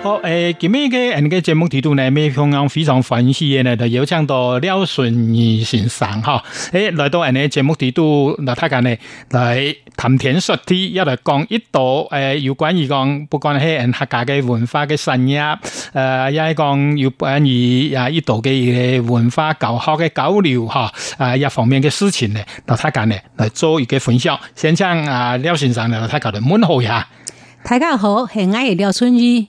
好，誒、呃，今日嘅呢個節目提督呢，每香港非常歡喜嘅呢，就邀請到廖順義先生哈。誒，來到呢個節目提督，那睇下呢，來談天說地，一來講一道誒、呃，有關於講，不管係客家的文化嘅產業，誒、呃，又係講有關於啊一道呢度個文化搞好嘅交流哈，啊，一方面嘅事情呢，那睇下呢，來做一個分享。先請啊，廖先生嚟，大家嚟問好。一大家好，係愛嘅廖順義。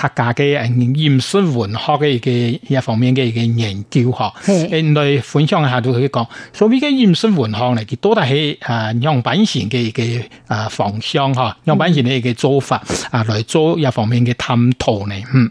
客家嘅嘅飲食文學嘅嘅一方面嘅嘅研究嗬，人類下到去講，所謂嘅飲食文學嚟嘅都係誒用品前嘅嘅誒方向、啊、用品前嘅嘅做法啊，嗯、來做一方面嘅探討嗯。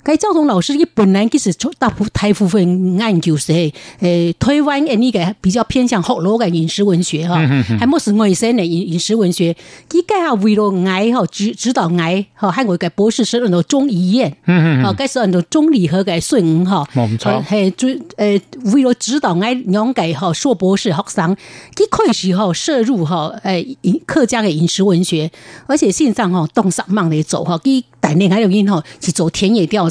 該趙宗老師，伊本來佮是大部大部分研究是，誒，誒台灣誒，呢個比較偏向學佬嘅飲食文學哈，還冇是外省嘅飲飲食文學。伊家下為了愛吼指指導愛吼，喺我嘅博士生度中醫院，哦，佮是按照中立學嘅術語哈，冇唔錯，係最誒為了指導愛兩屆吼碩博士，生、嗯嗯是嗯嗯、博士學生，佢開始吼攝入吼誒客家嘅飲食文學，而且線上吼動上慢嚟做吼，佢打獵還有因吼是做田野調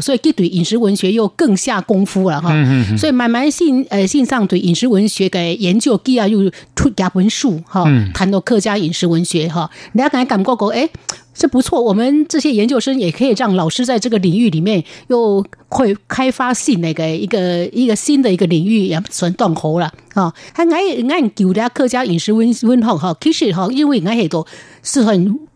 所以佢對飲食文學又更下功夫了、嗯嗯嗯、所以慢慢信誒，呃、信上對飲食文學嘅研究，佢啊又出幾本書談、嗯、到客家飲食文學哈，人家感覺過講，哎、欸，是不錯。我們這些研究生也可以讓老師在這個領域裏面又開開發新嘅一個一個，一個新的一個領域，也算斷好啦啊。我我研究下客家飲食文文化哈，其實哈，因為我系多是很。